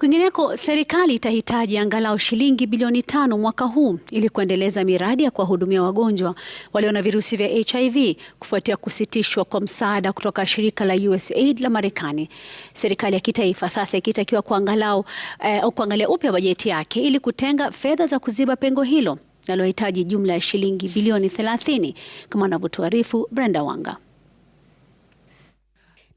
Kwingineko, serikali itahitaji angalau shilingi bilioni tano mwaka huu ili kuendeleza miradi ya kuwahudumia wagonjwa walio na virusi vya HIV kufuatia kusitishwa kwa msaada kutoka shirika la USAID la Marekani. Serikali ya kitaifa sasa ikitakiwa kuangalau eh, kuangalia upya bajeti yake ili kutenga fedha za kuziba pengo hilo linalohitaji jumla ya shilingi bilioni 30 kama anavyotuarifu Brenda Wanga.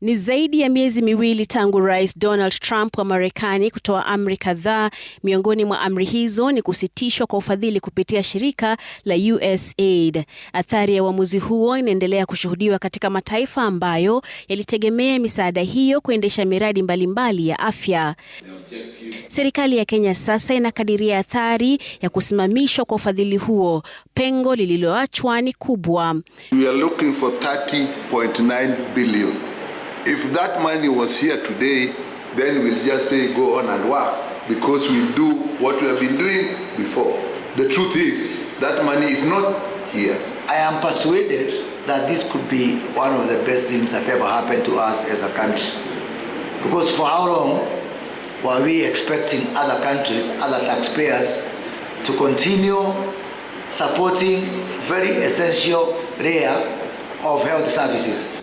Ni zaidi ya miezi miwili tangu Rais Donald Trump wa Marekani kutoa amri kadhaa. Miongoni mwa amri hizo ni kusitishwa kwa ufadhili kupitia shirika la USAID. Athari ya uamuzi huo inaendelea kushuhudiwa katika mataifa ambayo yalitegemea misaada hiyo kuendesha miradi mbalimbali mbali ya afya. Serikali ya Kenya sasa inakadiria athari ya kusimamishwa kwa ufadhili huo. Pengo lililoachwa ni kubwa. We are looking for 30.9 billion. If that money was here today, then we'll just say go on and work because we'll do what we have been doing before. The truth is that money is not here. I am persuaded that this could be one of the best things that ever happened to us as a country. Because for how long were we expecting other countries, other taxpayers to continue supporting very essential layer of health services?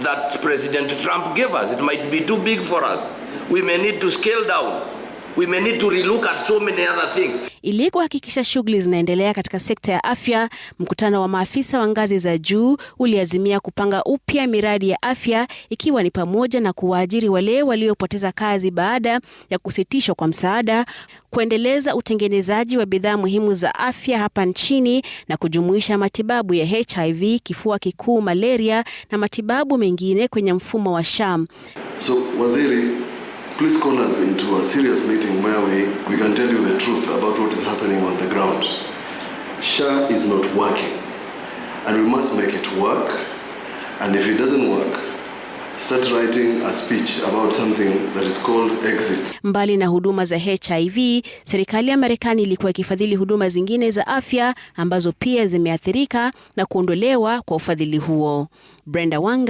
that President Trump gave us. It might be too big for us. We may need to scale down We may need to relook at so many other things. Ili kuhakikisha shughuli zinaendelea katika sekta ya afya, mkutano wa maafisa wa ngazi za juu uliazimia kupanga upya miradi ya afya ikiwa ni pamoja na kuwaajiri wale waliopoteza kazi baada ya kusitishwa kwa msaada, kuendeleza utengenezaji wa bidhaa muhimu za afya hapa nchini na kujumuisha matibabu ya HIV, kifua kikuu, malaria na matibabu mengine kwenye mfumo wa SHAM. So, waziri please call us into a serious meeting where we, we can tell you the truth about what is happening on the ground. SHA is not working and we must make it work and if it doesn't work Start writing a speech about something that is called exit. Mbali na huduma za HIV, serikali ya Marekani ilikuwa ikifadhili huduma zingine za afya ambazo pia zimeathirika na kuondolewa kwa ufadhili huo. Brenda Wanga